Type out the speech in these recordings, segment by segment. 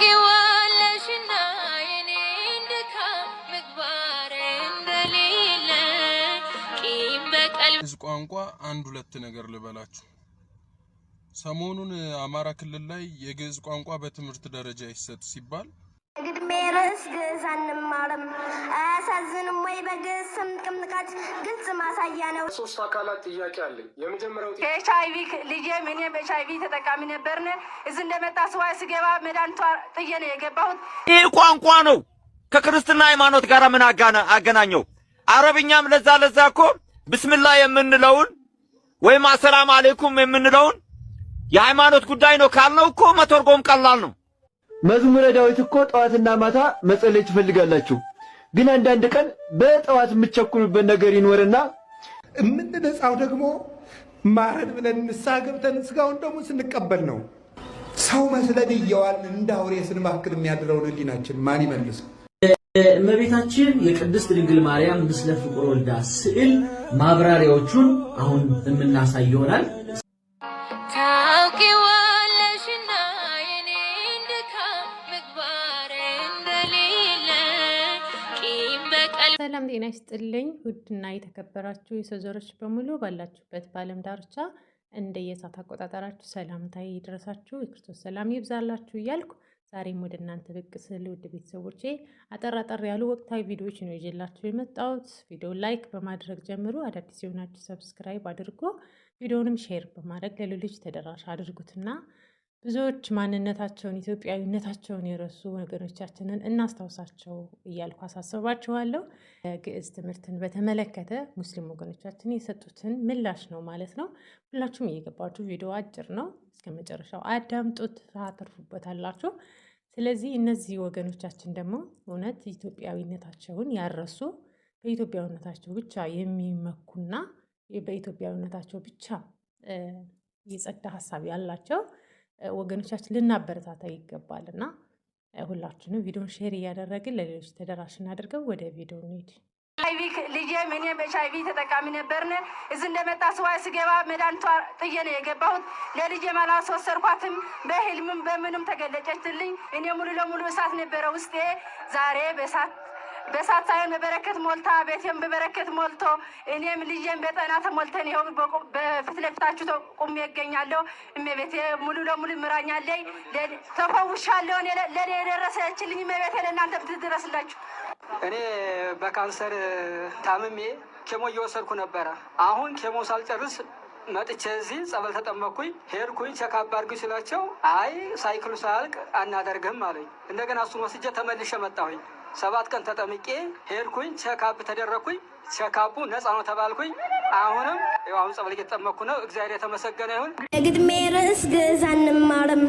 ታውቂዋለሽና ቋንቋ አንድ ሁለት ነገር ልበላችሁ። ሰሞኑን አማራ ክልል ላይ የግዕዝ ቋንቋ በትምህርት ደረጃ ይሰጥ ሲባል ርዕስ ግዕዝ አንማርም። አያሳዝንም ወይ? በግዕዝ ስም ቅምጥቃት ግልጽ ማሳያ ነው። ሶስት አካላት ጥያቄ አለኝ። የመጀመሪያው ኤች አይቪ ልጄም እኔም ኤች አይቪ ተጠቃሚ ነበርን። እዚህ እንደመጣ ስዋይ ስገባ መድኃኒቷ ጥዬ ነው የገባሁት። ይህ ቋንቋ ነው ከክርስትና ሃይማኖት ጋር ምን አገናኘው? አረብኛም ለዛ ለዛ እኮ ብስምላ የምንለውን ወይም አሰላም አሌይኩም የምንለውን የሃይማኖት ጉዳይ ነው ካልነው እኮ መተርጎም ቀላል ነው። መዝሙረ ዳዊት እኮ ጠዋትና ማታ መጸለይ ትፈልጋላችሁ፣ ግን አንዳንድ ቀን በጠዋት የምትቸኩሉበት ነገር ይኖርና የምንነጻው ደግሞ ማረን ብለን ንስሐ ገብተን ስጋውን ደግሞ ስንቀበል ነው። ሰው መስለን እየዋል እንደ አውሬ ስንማክል የሚያድረውን ህሊናችን ማን ይመልሰው? እመቤታችን የቅድስት ድንግል ማርያም ምስለ ፍቁር ወልዳ ስዕል ማብራሪያዎቹን አሁን የምናሳይ ይሆናል። ሰላም ጤና ይስጥልኝ። ውድና የተከበራችሁ የሰዘሮች በሙሉ ባላችሁበት በዓለም ዳርቻ እንደ የሰዓት አቆጣጠራችሁ ሰላምታ ይድረሳችሁ። የክርስቶስ ሰላም ይብዛላችሁ እያልኩ ዛሬም ወደ እናንተ ብቅ ስል ውድ ቤተሰቦቼ አጠራጠር ያሉ ወቅታዊ ቪዲዮዎች ነው ይዤላችሁ የመጣሁት። ቪዲዮ ላይክ በማድረግ ጀምሩ። አዳዲስ የሆናችሁ ሰብስክራይብ አድርጎ ቪዲዮንም ሼር በማድረግ ለሌሎች ተደራሽ አድርጉትና ብዙዎች ማንነታቸውን ኢትዮጵያዊነታቸውን የረሱ ወገኖቻችንን እናስታውሳቸው እያልኩ አሳስባችኋለሁ። ግዕዝ ትምህርትን በተመለከተ ሙስሊም ወገኖቻችን የሰጡትን ምላሽ ነው ማለት ነው። ሁላችሁም እየገባችሁ ቪዲዮ አጭር ነው፣ እስከ መጨረሻው አዳምጡት፣ ታተርፉበታላችሁ። ስለዚህ እነዚህ ወገኖቻችን ደግሞ እውነት ኢትዮጵያዊነታቸውን ያረሱ በኢትዮጵያዊነታቸው ብቻ የሚመኩና በኢትዮጵያዊነታቸው ብቻ የጸዳ ሀሳብ ያላቸው ወገኖቻችን ልናበረታታ ይገባል እና ሁላችንም ቪዲዮን ሼር እያደረግን ለሌሎች ተደራሽ እናደርገው። ወደ ቪዲዮ እንሂድ። ቪክ ልጄም እኔም ኤች ተጠቃሚ ነበርን። እዚህ እንደመጣ ስዋይ ስገባ መድኃኒቷ ጥዬ ነው የገባሁት። ለልጄም አላስወሰድኳትም። በህልምም በምንም ተገለጨችልኝ። እኔ ሙሉ ለሙሉ እሳት ነበረ ውስጤ ዛሬ በእሳት በሳት ሳይሆን በበረከት ሞልታ ቤቴም በበረከት ሞልቶ እኔም ልጄም በጠና ተሞልተን ይኸው በፊት ለፊታችሁ ቁሜ እገኛለሁ። እመቤቴ ሙሉ ለሙሉ ምራኛለኝ፣ ተፈውሻለሁ። ለእኔ የደረሰችልኝ እመቤቴ ለእናንተ ብትደረስላችሁ። እኔ በካንሰር ታምሜ ኬሞ እየወሰድኩ ነበረ። አሁን ኬሞ ሳልጨርስ መጥቼ እዚህ ጸበል ተጠመኩኝ። ሄድኩኝ ቼክ ስላቸው አይ ሳይክሉ ሳያልቅ አናደርግም አለኝ። እንደገና እሱን ወስጄ ተመልሼ መጣሁኝ። ሰባት ቀን ተጠምቄ ሄድኩኝ። ቸካፕ ተደረግኩኝ። ቸካፑ ነፃ ነው ተባልኩኝ። አሁንም አሁን ጸበል እየተጠመኩ ነው። እግዚአብሔር የተመሰገነ ይሁን። የግድሜ ርዕስ ግዕዝ አንማርም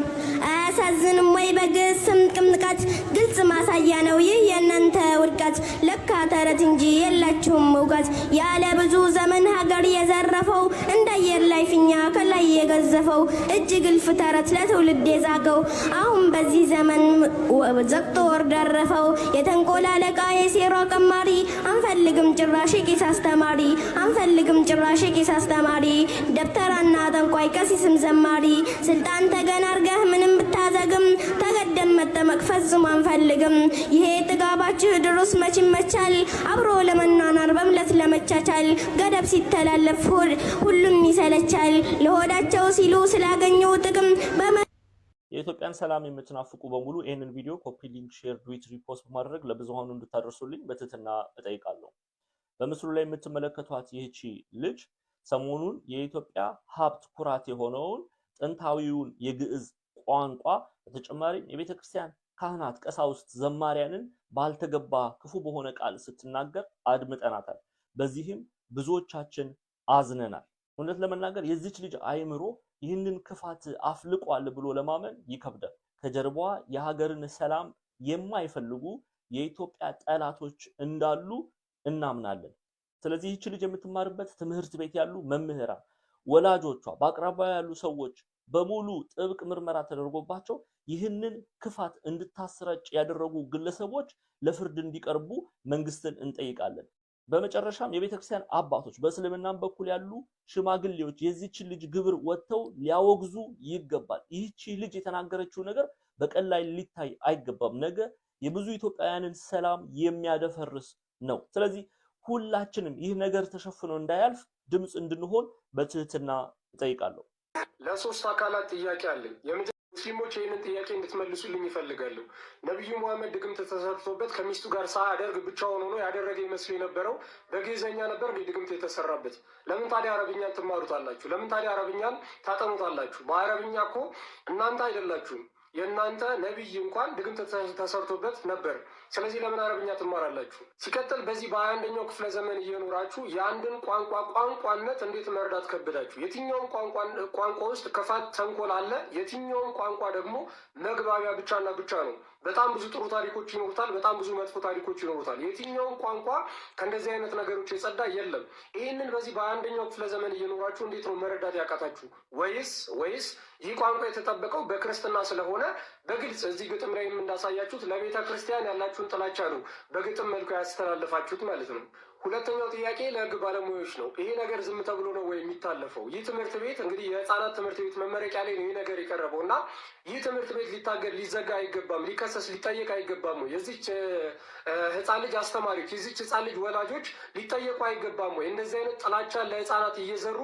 አያሳዝንም ወይ? በግዕዝ ስም ቅምጥቃት ግልጽ ማሳያ ነው ይህ የእናንተ ውድቃት። ለካ ተረት እንጂ የላችሁም እውቀት። ያለ ብዙ ዘመን ሀገር የዘረፈው እንዳየር ላይ ፊኛ ከላይ የገዘፈው እጅ ግልፍ ተረት ለትውልድ የዛገው በዚህ ዘመን ዘግቶ ወር ደረፈው። የተንኮል የሴራ ቀማሪ አንፈልግም ጭራሽ ቄስ አስተማሪ አንፈልግም ጭራሽ ቄስ አስተማሪ ደብተራና ጠንቋይ ቀሲስም ዘማሪ ስልጣን ተገናርገህ ምንም ብታዘግም ተገደም መጠመቅ ፈጽሞ አንፈልግም። ይሄ ጥጋባችሁ ድሮስ መች ይመቻል? አብሮ ለመኗኗር በምለት ለመቻቻል ገደብ ሲተላለፍ ሁሉም ይሰለቻል። ለሆዳቸው ሲሉ ስላገኘው ጥቅም የኢትዮጵያን ሰላም የምትናፍቁ በሙሉ ይህንን ቪዲዮ ኮፒ፣ ሊንክ፣ ሼር፣ ዱዊት፣ ሪፖስት በማድረግ ለብዙሀኑ እንድታደርሱልኝ በትህትና እጠይቃለሁ። በምስሉ ላይ የምትመለከቷት ይህቺ ልጅ ሰሞኑን የኢትዮጵያ ሀብት ኩራት የሆነውን ጥንታዊውን የግዕዝ ቋንቋ በተጨማሪም የቤተ ክርስቲያን ካህናት፣ ቀሳውስት፣ ዘማሪያንን ባልተገባ ክፉ በሆነ ቃል ስትናገር አድምጠናታል። በዚህም ብዙዎቻችን አዝነናል። እውነት ለመናገር የዚች ልጅ አይምሮ ይህንን ክፋት አፍልቋል ብሎ ለማመን ይከብዳል። ከጀርባዋ የሀገርን ሰላም የማይፈልጉ የኢትዮጵያ ጠላቶች እንዳሉ እናምናለን። ስለዚህ ይህች ልጅ የምትማርበት ትምህርት ቤት ያሉ መምህራን፣ ወላጆቿ፣ በአቅራቢያ ያሉ ሰዎች በሙሉ ጥብቅ ምርመራ ተደርጎባቸው ይህንን ክፋት እንድታስረጭ ያደረጉ ግለሰቦች ለፍርድ እንዲቀርቡ መንግስትን እንጠይቃለን። በመጨረሻም የቤተ ክርስቲያን አባቶች በእስልምናም በኩል ያሉ ሽማግሌዎች የዚህችን ልጅ ግብር ወጥተው ሊያወግዙ ይገባል። ይህቺ ልጅ የተናገረችው ነገር በቀን ላይ ሊታይ አይገባም። ነገ የብዙ ኢትዮጵያውያንን ሰላም የሚያደፈርስ ነው። ስለዚህ ሁላችንም ይህ ነገር ተሸፍኖ እንዳያልፍ ድምፅ እንድንሆን በትህትና እጠይቃለሁ። ለሶስት አካላት ጥያቄ አለኝ። ሙስሊሞች ይህንን ጥያቄ እንድትመልሱልኝ ይፈልጋለሁ ነቢዩ መሐመድ ድግምት ተሰርቶበት ከሚስቱ ጋር ሳያደርግ ብቻውን ሆኖ ያደረገ ይመስሉ የነበረው በግዕዝኛ ነበር እንዲ ድግምት የተሰራበት። ለምን ታዲያ አረብኛን ትማሩታላችሁ? ለምን ታዲያ አረብኛን ታጠኑታላችሁ? በአረብኛ እኮ እናንተ አይደላችሁም የእናንተ ነቢይ እንኳን ድግምት ተሰርቶበት ነበር። ስለዚህ ለምን አረብኛ ትማራላችሁ? ሲቀጥል በዚህ በሀያ አንደኛው ክፍለ ዘመን እየኖራችሁ የአንድን ቋንቋ ቋንቋነት እንዴት መርዳት ከብዳችሁ? የትኛውም ቋንቋ ውስጥ ክፋት፣ ተንኮል አለ። የትኛውም ቋንቋ ደግሞ መግባቢያ ብቻና ብቻ ነው። በጣም ብዙ ጥሩ ታሪኮች ይኖሩታል፣ በጣም ብዙ መጥፎ ታሪኮች ይኖሩታል። የትኛውም ቋንቋ ከእንደዚህ አይነት ነገሮች የጸዳ የለም። ይህንን በዚህ በአንደኛው ክፍለ ዘመን እየኖራችሁ እንዴት ነው መረዳት ያቃታችሁ? ወይስ ወይስ ይህ ቋንቋ የተጠበቀው በክርስትና ስለሆነ በግልጽ እዚህ ግጥም ላይ እንዳሳያችሁት ለቤተ ክርስቲያን ያላችሁን ጥላቻ ነው በግጥም መልኩ ያስተላለፋችሁት ማለት ነው። ሁለተኛው ጥያቄ ለህግ ባለሙያዎች ነው። ይሄ ነገር ዝም ተብሎ ነው ወይ የሚታለፈው? ይህ ትምህርት ቤት እንግዲህ የህፃናት ትምህርት ቤት መመረቂያ ላይ ነው ይህ ነገር የቀረበው እና ይህ ትምህርት ቤት ሊታገድ፣ ሊዘጋ አይገባም፣ ሊከሰስ፣ ሊጠየቅ አይገባም ወይ? የዚች ህፃን ልጅ አስተማሪዎች፣ የዚች ህፃን ልጅ ወላጆች ሊጠየቁ አይገባም ወይ? እንደዚህ አይነት ጥላቻን ለህፃናት እየዘሩ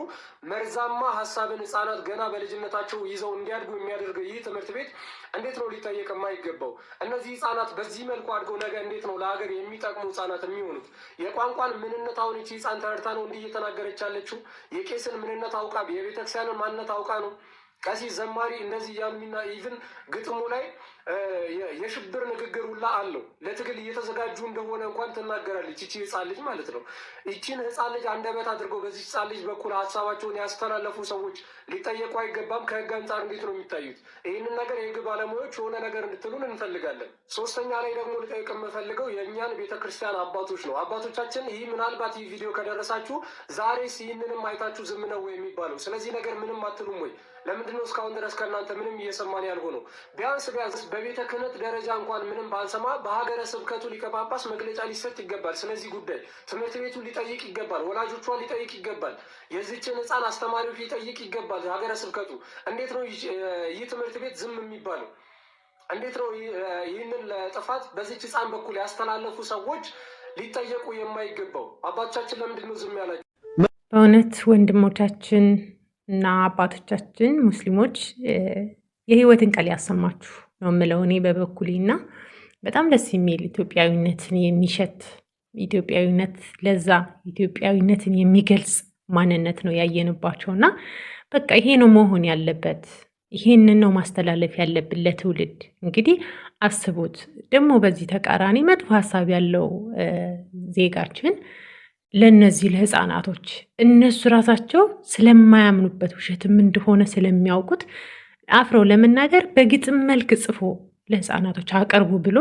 መርዛማ ሀሳብን ህፃናት ገና በልጅነታቸው ይዘው እንዲያድጉ የሚያደርገው ይህ ትምህርት ቤት እንዴት ነው ሊጠየቅ የማይገባው? እነዚህ ህፃናት በዚህ መልኩ አድገው ነገ እንዴት ነው ለሀገር የሚጠቅሙ ህፃናት የሚሆኑት? የቋንቋ የቄሷን ምንነት አሁን ይቺ ህፃን ተረድታ ነው እንዲህ እየተናገረች ያለችው። የቄስን ምንነት አውቃ የቤተክርስቲያንን ማንነት አውቃ ነው ቀሲስ፣ ዘማሪ እንደዚህ እያሉና ኢቭን ግጥሙ ላይ የሽብር ንግግር ሁላ አለው። ለትግል እየተዘጋጁ እንደሆነ እንኳን ትናገራለች ይቺ ህፃን ልጅ ማለት ነው። ይቺን ህፃን ልጅ አንደበት አድርገው በዚህ ህፃን ልጅ በኩል ሀሳባቸውን ያስተላለፉ ሰዎች ሊጠየቁ አይገባም? ከህግ አንጻር እንዴት ነው የሚታዩት? ይህንን ነገር የህግ ባለሙያዎች የሆነ ነገር እንድትሉን እንፈልጋለን። ሶስተኛ ላይ ደግሞ ልጠይቅ የምፈልገው የእኛን ቤተክርስቲያን አባቶች ነው። አባቶቻችን ይህ ምናልባት ይህ ቪዲዮ ከደረሳችሁ ዛሬስ ይህንንም አይታችሁ ዝም ነው የሚባለው? ስለዚህ ነገር ምንም አትሉም ወይ? ለምንድነው እስካሁን ድረስ ከእናንተ ምንም እየሰማን ያልሆነው? ቢያንስ ቢያንስ በቤተ ክህነት ደረጃ እንኳን ምንም ባልሰማ በሀገረ ስብከቱ ሊቀ ጳጳስ መግለጫ ሊሰጥ ይገባል። ስለዚህ ጉዳይ ትምህርት ቤቱ ሊጠይቅ ይገባል። ወላጆቿን ሊጠይቅ ይገባል። የዚችን ህፃን አስተማሪዎች ሊጠይቅ ይገባል። ሀገረ ስብከቱ እንዴት ነው ይህ ትምህርት ቤት ዝም የሚባለው? እንዴት ነው ይህንን ለጥፋት በዚች ህፃን በኩል ያስተላለፉ ሰዎች ሊጠየቁ የማይገባው? አባቶቻችን ለምንድን ነው ዝም ያላቸው? በእውነት ወንድሞቻችን እና አባቶቻችን ሙስሊሞች የህይወትን ቃል ያሰማችሁ ነው የምለው እኔ በበኩሌ እና በጣም ደስ የሚል ኢትዮጵያዊነትን የሚሸት ኢትዮጵያዊነት ለዛ ኢትዮጵያዊነትን የሚገልጽ ማንነት ነው ያየንባቸው እና በቃ ይሄ ነው መሆን ያለበት። ይሄንን ነው ማስተላለፍ ያለብን ለትውልድ። እንግዲህ አስቡት ደግሞ በዚህ ተቃራኒ መጥፎ ሀሳብ ያለው ዜጋችን ለእነዚህ ለህፃናቶች እነሱ ራሳቸው ስለማያምኑበት ውሸትም እንደሆነ ስለሚያውቁት አፍረው ለመናገር በግጥም መልክ ጽፎ ለህፃናቶች አቀርቡ ብሎ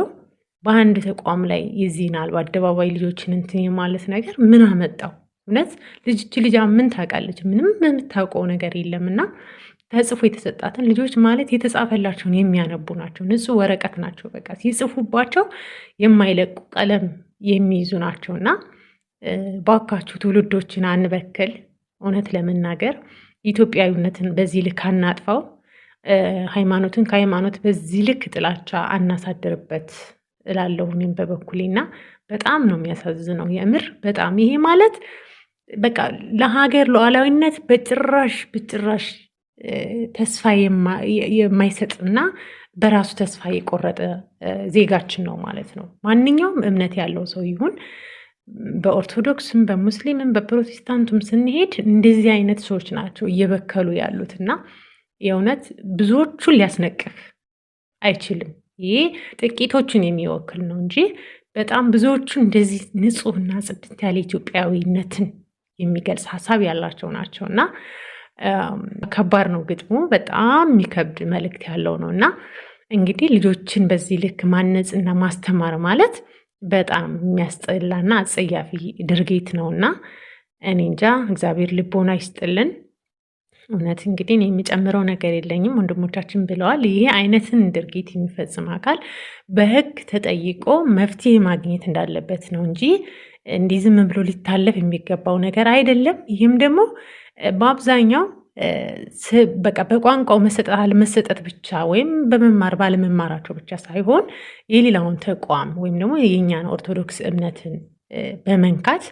በአንድ ተቋም ላይ የዜናል አደባባይ ልጆችን እንትን የማለት ነገር ምን አመጣው? እውነት ልጅች ልጃ ምን ታውቃለች? ምንም የምታውቀው ነገር የለም። እና ተጽፎ የተሰጣትን ልጆች ማለት የተጻፈላቸውን የሚያነቡ ናቸው። ንጹህ ወረቀት ናቸው። በቃ ሲጽፉባቸው የማይለቁ ቀለም የሚይዙ ናቸው እና ባካችሁ ትውልዶችን አንበክል። እውነት ለመናገር ኢትዮጵያዊነትን በዚህ ልክ አናጥፋው። ሃይማኖትን ከሃይማኖት በዚህ ልክ ጥላቻ አናሳድርበት እላለሁ እኔም በበኩሌ በጣም ነው የሚያሳዝነው። የምር በጣም ይሄ ማለት በቃ ለሀገር ሉዓላዊነት በጭራሽ በጭራሽ ተስፋ የማይሰጥና በራሱ ተስፋ የቆረጠ ዜጋችን ነው ማለት ነው። ማንኛውም እምነት ያለው ሰው ይሁን በኦርቶዶክስም በሙስሊምም በፕሮቴስታንቱም ስንሄድ እንደዚህ አይነት ሰዎች ናቸው እየበከሉ ያሉት እና የእውነት ብዙዎቹን ሊያስነቅፍ አይችልም። ይህ ጥቂቶችን የሚወክል ነው እንጂ በጣም ብዙዎቹ እንደዚህ ንጹህና ጽድት ያለ ኢትዮጵያዊነትን የሚገልጽ ሀሳብ ያላቸው ናቸው እና ከባድ ነው ግጥሙ። በጣም የሚከብድ መልእክት ያለው ነው እና እንግዲህ ልጆችን በዚህ ልክ ማነጽና ማስተማር ማለት በጣም የሚያስጠላና አጸያፊ ድርጊት እና እኔ እንጃ እግዚአብሔር ልቦና ይስጥልን። እውነት እንግዲህ የሚጨምረው ነገር የለኝም። ወንድሞቻችን ብለዋል። ይሄ አይነትን ድርጊት የሚፈጽም አካል በሕግ ተጠይቆ መፍትሄ ማግኘት እንዳለበት ነው እንጂ እንዲህ ዝም ብሎ ሊታለፍ የሚገባው ነገር አይደለም። ይህም ደግሞ በአብዛኛው በቃ በቋንቋው መሰጠት አለመሰጠት ብቻ ወይም በመማር ባለመማራቸው ብቻ ሳይሆን የሌላውን ተቋም ወይም ደግሞ የኛን ኦርቶዶክስ እምነትን በመንካት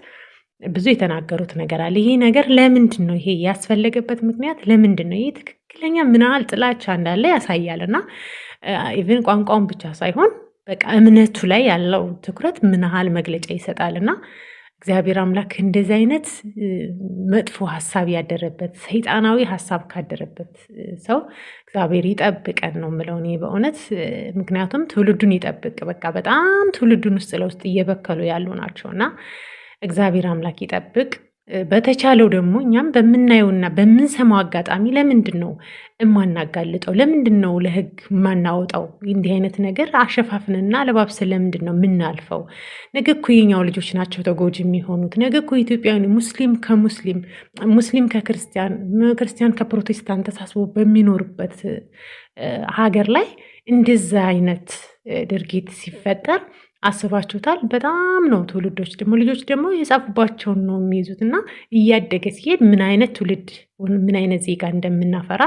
ብዙ የተናገሩት ነገር አለ። ይሄ ነገር ለምንድን ነው ይሄ ያስፈለገበት ምክንያት ለምንድን ነው? ይሄ ትክክለኛ ምናል ጥላቻ እንዳለ ያሳያል። እና ኢቨን ቋንቋውን ብቻ ሳይሆን በቃ እምነቱ ላይ ያለው ትኩረት ምናህል መግለጫ ይሰጣል እና እግዚአብሔር አምላክ እንደዚህ አይነት መጥፎ ሀሳብ ያደረበት ሰይጣናዊ ሀሳብ ካደረበት ሰው እግዚአብሔር ይጠብቀን ነው የምለው እኔ በእውነት ምክንያቱም ትውልዱን ይጠብቅ። በቃ በጣም ትውልዱን ውስጥ ለውስጥ እየበከሉ ያሉ ናቸው እና እግዚአብሔር አምላክ ይጠብቅ። በተቻለው ደግሞ እኛም በምናየውና በምንሰማው አጋጣሚ ለምንድን ነው የማናጋልጠው? ለምንድን ነው ለህግ የማናወጣው? እንዲህ አይነት ነገር አሸፋፍንና ለባብሰን ለምንድን ነው የምናልፈው? ነገ እኮ የኛው ልጆች ናቸው ተጎጂ የሚሆኑት። ነገ እኮ ኢትዮጵያውያን ሙስሊም ከሙስሊም ሙስሊም ከክርስቲያን ክርስቲያን ከፕሮቴስታንት ተሳስቦ በሚኖርበት ሀገር ላይ እንደዛ አይነት ድርጊት ሲፈጠር አስባችሁታል? በጣም ነው። ትውልዶች ደግሞ ልጆች ደግሞ የጻፉባቸውን ነው የሚይዙት እና እያደገ ሲሄድ ምን አይነት ትውልድ ምን አይነት ዜጋ እንደምናፈራ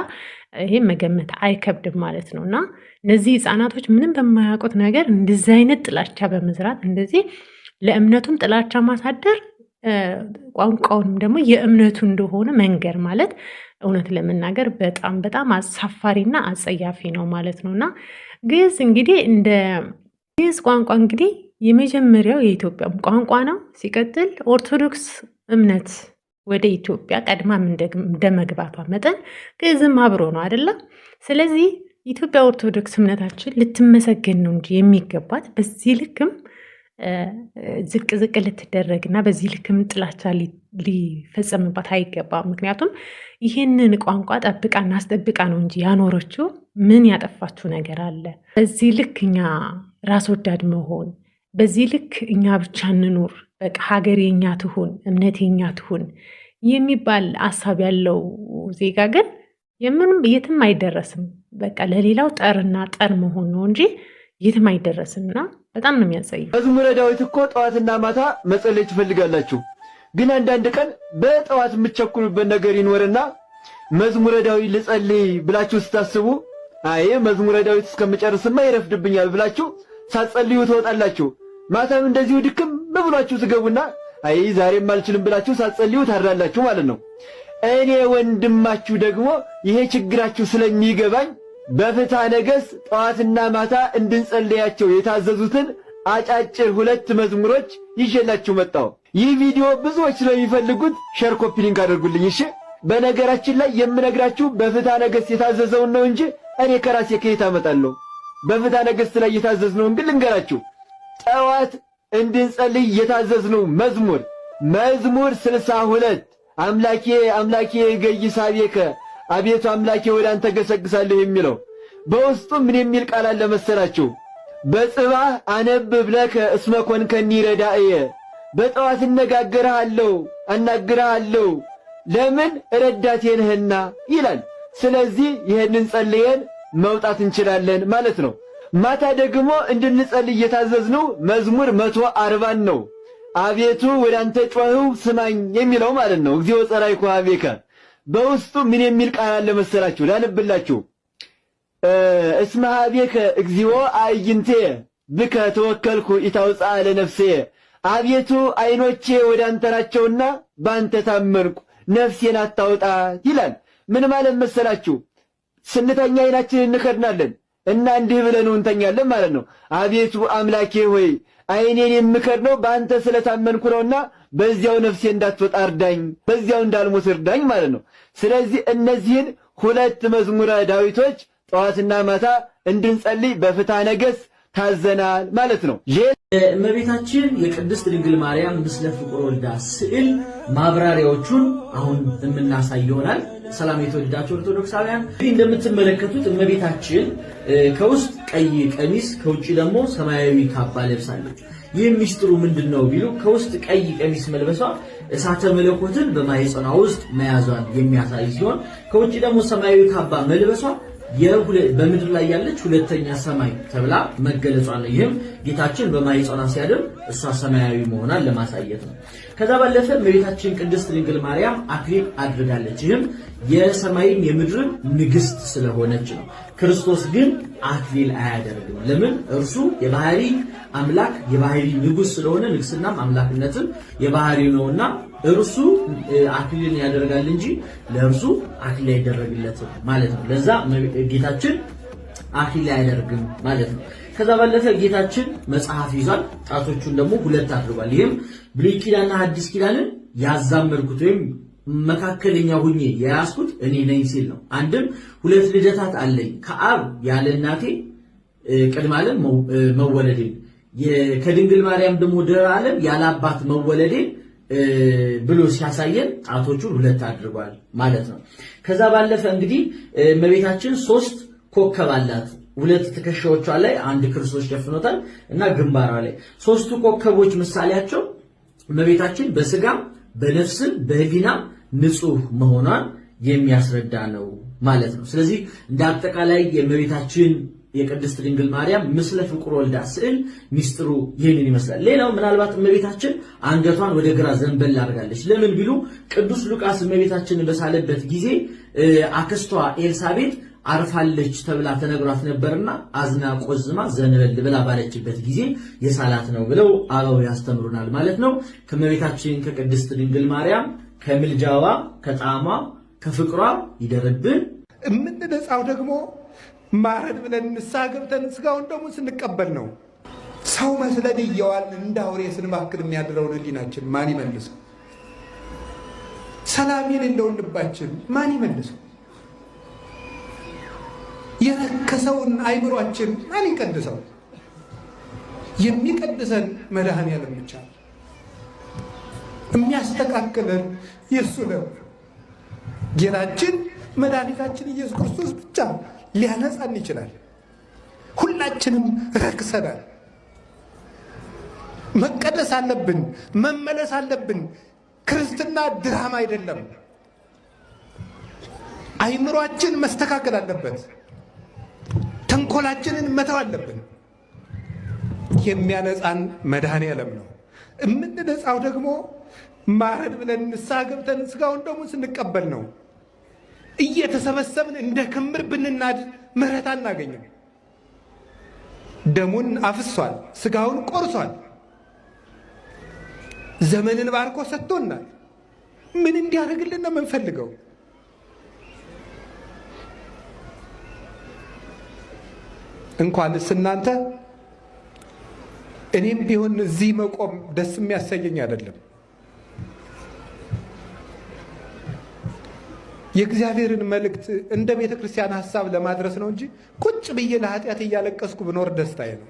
ይሄ መገመት አይከብድም ማለት ነው እና እነዚህ ህጻናቶች ምንም በማያውቁት ነገር እንደዚህ አይነት ጥላቻ በመዝራት እንደዚህ ለእምነቱም ጥላቻ ማሳደር ቋንቋውንም ደግሞ የእምነቱ እንደሆነ መንገር ማለት እውነት ለመናገር በጣም በጣም አሳፋሪና አጸያፊ ነው ማለት ነው እና ግዕዝ እንግዲህ እንደ ግዕዝ ቋንቋ እንግዲህ የመጀመሪያው የኢትዮጵያ ቋንቋ ነው። ሲቀጥል ኦርቶዶክስ እምነት ወደ ኢትዮጵያ ቀድማም እንደመግባቷ መጠን ግዕዝም አብሮ ነው አይደለም። ስለዚህ ኢትዮጵያ ኦርቶዶክስ እምነታችን ልትመሰገን ነው እንጂ የሚገባት በዚህ ልክም ዝቅ ዝቅ ልትደረግ እና በዚህ ልክም ጥላቻ ሊፈጸምባት አይገባም። ምክንያቱም ይህንን ቋንቋ ጠብቃና አስጠብቃ ነው እንጂ ያኖረችው። ምን ያጠፋችው ነገር አለ? በዚህ ልክ እኛ ራስ ወዳድ መሆን። በዚህ ልክ እኛ ብቻ እንኑር፣ በቃ ሀገር የኛ ትሁን፣ እምነት የኛ ትሁን የሚባል አሳብ ያለው ዜጋ ግን የምንም የትም አይደረስም። በቃ ለሌላው ጠርና ጠር መሆን ነው እንጂ የትም አይደረስም እና በጣም ነው የሚያሳየው መዝሙረ ዳዊት እኮ ጠዋትና ማታ መጸለይ ትፈልጋላችሁ፣ ግን አንዳንድ ቀን በጠዋት የምትቸኩሉበት ነገር ይኖርና መዝሙረ ዳዊት ልጸልይ ብላችሁ ስታስቡ አይ መዝሙረ ዳዊት እስከምጨርስማ ይረፍድብኛል ብላችሁ ሳትጸልዩ ትወጣላችሁ። ማታም እንደዚሁ ድክም ብሏችሁ ትገቡና አይ ዛሬም አልችልም ብላችሁ ሳትጸልዩ ታድራላችሁ ማለት ነው። እኔ ወንድማችሁ ደግሞ ይሄ ችግራችሁ ስለሚገባኝ በፍትሐ ነገሥት ጠዋትና ማታ እንድንጸልያቸው የታዘዙትን አጫጭር ሁለት መዝሙሮች ይዤላችሁ መጣሁ። ይህ ቪዲዮ ብዙዎች ስለሚፈልጉት ሼር፣ ኮፒ ሊንክ አድርጉልኝ። እሺ። በነገራችን ላይ የምነግራችሁ በፍትሐ ነገሥት የታዘዘውን ነው እንጂ እኔ ከራሴ ከየት አመጣለሁ? በፍታ ነገሥት ላይ የታዘዝነውን ግን ልንገራችሁ። ጠዋት እንድንጸልይ የታዘዝነው መዝሙር መዝሙር ስልሳ ሁለት አምላኬ አምላኬ ገይ ሳቤከ አቤቱ አምላኬ ወደ አንተ ገሰግሳለሁ የሚለው በውስጡ ምን የሚል ቃል አለ መሰላችሁ? በጽባህ አነብብ ለከ እስመ ኮንከኒ ረዳእየ። በጠዋት እነጋገርሃለሁ አናግርሃለሁ፣ ለምን ረዳቴ ነህና ይላል። ስለዚህ ይህንን ጸልየን መውጣት እንችላለን ማለት ነው። ማታ ደግሞ እንድንጸልይ እየታዘዝነው መዝሙር መቶ አርባን ነው። አቤቱ ወደ አንተ ስማኝ የሚለው ማለት ነው። እግዚኦ ጸራይኩ አቤከ በውስጡ ምን የሚል ቃል አለ መሰላችሁ? ላንብላችሁ። እስመ አቤከ እግዚኦ አዕይንቴ ብከ ተወከልኩ ኢታውፃ ለነፍሴ። አቤቱ አይኖቼ ወደ አንተ ናቸውና በአንተ ታመንኩ ነፍሴን አታውጣት ይላል። ምን ማለት መሰላችሁ? ስንተኛ አይናችን እንከድናለን እና እንዲህ ብለን እንተኛለን ማለት ነው። አቤቱ አምላኬ ሆይ አይኔን የምከድነው በአንተ ስለታመንኩ ነውና በዚያው ነፍሴ እንዳትወጣ እርዳኝ፣ በዚያው እንዳልሞት እርዳኝ ማለት ነው። ስለዚህ እነዚህን ሁለት መዝሙረ ዳዊቶች ጠዋትና ማታ እንድንጸልይ በፍትሐ ነገሥት ታዘናል ማለት ነው። የእመቤታችን የቅድስት ድንግል ማርያም ምስለ ፍቁር ወልዳ ስዕል ማብራሪያዎቹን አሁን የምናሳይ ይሆናል። ሰላም የተወደዳቸው ኦርቶዶክሳውያን፣ እንግዲህ እንደምትመለከቱት እመቤታችን ከውስጥ ቀይ ቀሚስ ከውጭ ደግሞ ሰማያዊ ካባ ለብሳለች። ይህ ሚስጥሩ ምንድን ነው ቢሉ ከውስጥ ቀይ ቀሚስ መልበሷ እሳተ መለኮትን በማኅፀኗ ውስጥ መያዟን የሚያሳይ ሲሆን ከውጭ ደግሞ ሰማያዊ ካባ መልበሷ በምድር ላይ ያለች ሁለተኛ ሰማይ ተብላ መገለጿ ነው። ይህም ጌታችን በማኅፀኗ ሲያድር እሷ ሰማያዊ መሆኗን ለማሳየት ነው። ከዛ ባለፈ እመቤታችን ቅድስት ድንግል ማርያም አክሊል አድርጋለች። ይህም የሰማይም የምድርን ንግስት ስለሆነች ነው። ክርስቶስ ግን አክሊል አያደርግም። ለምን? እርሱ የባህሪ አምላክ የባህሪ ንጉስ ስለሆነ ንግስናም አምላክነትም የባህሪ ነውና እርሱ አክሊልን ያደርጋል እንጂ ለእርሱ አክሊል አይደረግለትም ማለት ነው። ለዛ ጌታችን አክሊል አያደርግም ማለት ነው። ከዛ ባለፈ ጌታችን መጽሐፍ ይዟል፣ ጣቶቹን ደግሞ ሁለት አድርጓል። ይህም ብሉይ ኪዳንና ሐዲስ ኪዳንን ያዛመድኩት ወይም መካከለኛ ሁኜ የያዝኩት እኔ ነኝ ሲል ነው። አንድም ሁለት ልደታት አለኝ ከአብ ያለ እናቴ ቅድመ ዓለም መወለዴን ከድንግል ማርያም ደግሞ ድኅረ ዓለም ያለ አባት መወለዴን ብሎ ሲያሳየን ጣቶቹን ሁለት አድርጓል ማለት ነው። ከዛ ባለፈ እንግዲህ እመቤታችን ሶስት ኮከብ አላት። ሁለት ትከሻዎቿ ላይ አንድ ክርስቶስ ደፍኖታል እና ግንባሯ ላይ ሶስቱ ኮከቦች ምሳሌያቸው እመቤታችን በስጋም በነፍስም በህሊናም ንጹህ መሆኗን የሚያስረዳ ነው ማለት ነው። ስለዚህ እንደ አጠቃላይ የእመቤታችን የቅድስት ድንግል ማርያም ምስለ ፍቁር ወልዳ ስዕል ሚስጥሩ ይህንን ይመስላል። ሌላው ምናልባት እመቤታችን አንገቷን ወደ ግራ ዘንበል አድርጋለች። ለምን ቢሉ ቅዱስ ሉቃስ እመቤታችንን በሳለበት ጊዜ አክስቷ ኤልሳቤት አርፋለች ተብላ ተነግሯት ነበርና አዝና ቆዝማ ዘንበል ብላ ባለችበት ጊዜ የሳላት ነው ብለው አበው ያስተምሩናል ማለት ነው። ከእመቤታችን ከቅድስት ድንግል ማርያም ከምልጃዋ ከጣዕሟ ከፍቅሯ ይደርብን። የምንነጻው ደግሞ ማረን ብለን ንስሐ ገብተን ስጋውን ደግሞ ስንቀበል ነው። ሰው መስለን እየዋልን እንደ አውሬ ስንባክል የሚያድረውን ህሊናችን ማን ይመልሰው? ሰላም የሌለውን ልባችን ማን ይመልሰው? የረከሰውን አይምሯችን ማን ይቀድሰው? የሚቀድሰን መድኃኔዓለም ብቻ ነው። የሚያስተካክለን የእሱ ነው። ጌታችን መድኃኒታችን ኢየሱስ ክርስቶስ ብቻ ሊያነጻን ይችላል። ሁላችንም ረክሰናል። መቀደስ አለብን፣ መመለስ አለብን። ክርስትና ድራማ አይደለም። አይምሯችን መስተካከል አለበት። ተንኮላችንን መተው አለብን። የሚያነጻን መድኃኔ ዓለም ነው። የምንነጻው ደግሞ ማረድ ብለን ንስሐ ገብተን ስጋውን ደግሞ ስንቀበል ነው። እየተሰበሰብን እንደ ክምር ብንናድ ምሕረት አናገኝም። ደሙን አፍሷል፣ ስጋውን ቆርሷል፣ ዘመንን ባርኮ ሰጥቶናል። ምን እንዲያደርግልን ነው የምንፈልገው? እንኳንስ እናንተ እኔም ቢሆን እዚህ መቆም ደስ የሚያሳየኝ አይደለም። የእግዚአብሔርን መልእክት እንደ ቤተ ክርስቲያን ሀሳብ ለማድረስ ነው እንጂ ቁጭ ብዬ ለኃጢአት እያለቀስኩ ብኖር ደስታዬ ነው።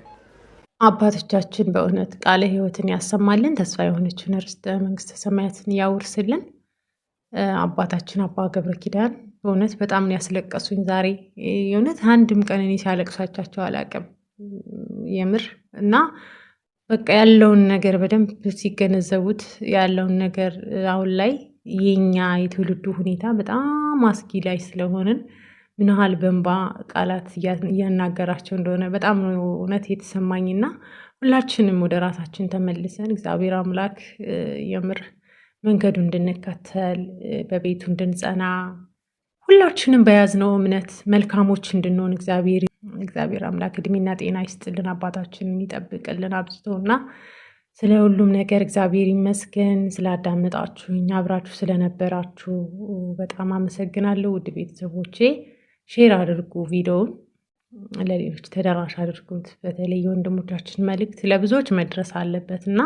አባቶቻችን በእውነት ቃለ ሕይወትን ያሰማልን፣ ተስፋ የሆነችን ርስተ መንግስተ ሰማያትን ያውርስልን። አባታችን አባ ገብረ ኪዳን በእውነት በጣም ነው ያስለቀሱኝ ዛሬ። የእውነት አንድም ቀን እኔ ሲያለቅሳቸው የምር እና በቃ ያለውን ነገር በደንብ ሲገነዘቡት ያለውን ነገር አሁን ላይ የኛ የትውልዱ ሁኔታ በጣም አስጊ ላይ ስለሆንን ምን ያህል ቃላት እያናገራቸው እንደሆነ በጣም ነው እውነት የተሰማኝና ሁላችንም ወደ ራሳችን ተመልሰን እግዚአብሔር አምላክ የምር መንገዱ እንድንከተል በቤቱ እንድንጸና ሁላችንም በያዝነው እምነት መልካሞች እንድንሆን እግዚአብሔር እግዚአብሔር አምላክ እድሜና ጤና ይስጥልን፣ አባታችንን ይጠብቅልን አብዝቶ እና ስለ ሁሉም ነገር እግዚአብሔር ይመስገን። ስላዳመጣችሁኝ፣ አብራችሁ ስለነበራችሁ በጣም አመሰግናለሁ። ውድ ቤተሰቦቼ ሼር አድርጉ ቪዲዮውን ለሌሎች ተደራሽ አድርጉት። በተለይ የወንድሞቻችን መልእክት ለብዙዎች መድረስ አለበት እና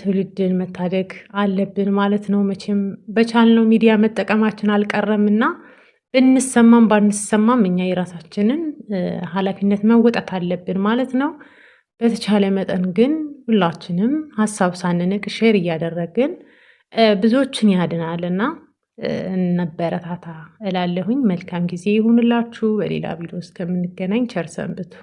ትውልድን መታደግ አለብን ማለት ነው። መቼም በቻልነው ሚዲያ መጠቀማችን አልቀረም እና ብንሰማም ባንሰማም እኛ የራሳችንን ኃላፊነት መወጣት አለብን ማለት ነው። በተቻለ መጠን ግን ሁላችንም ሀሳብ ሳንንቅ ሼር እያደረግን ብዙዎችን ያድናልና ነበረታታ እላለሁኝ። መልካም ጊዜ ይሁንላችሁ። በሌላ ቪዲዮ እስከምንገናኝ ቸር ሰንብቱ።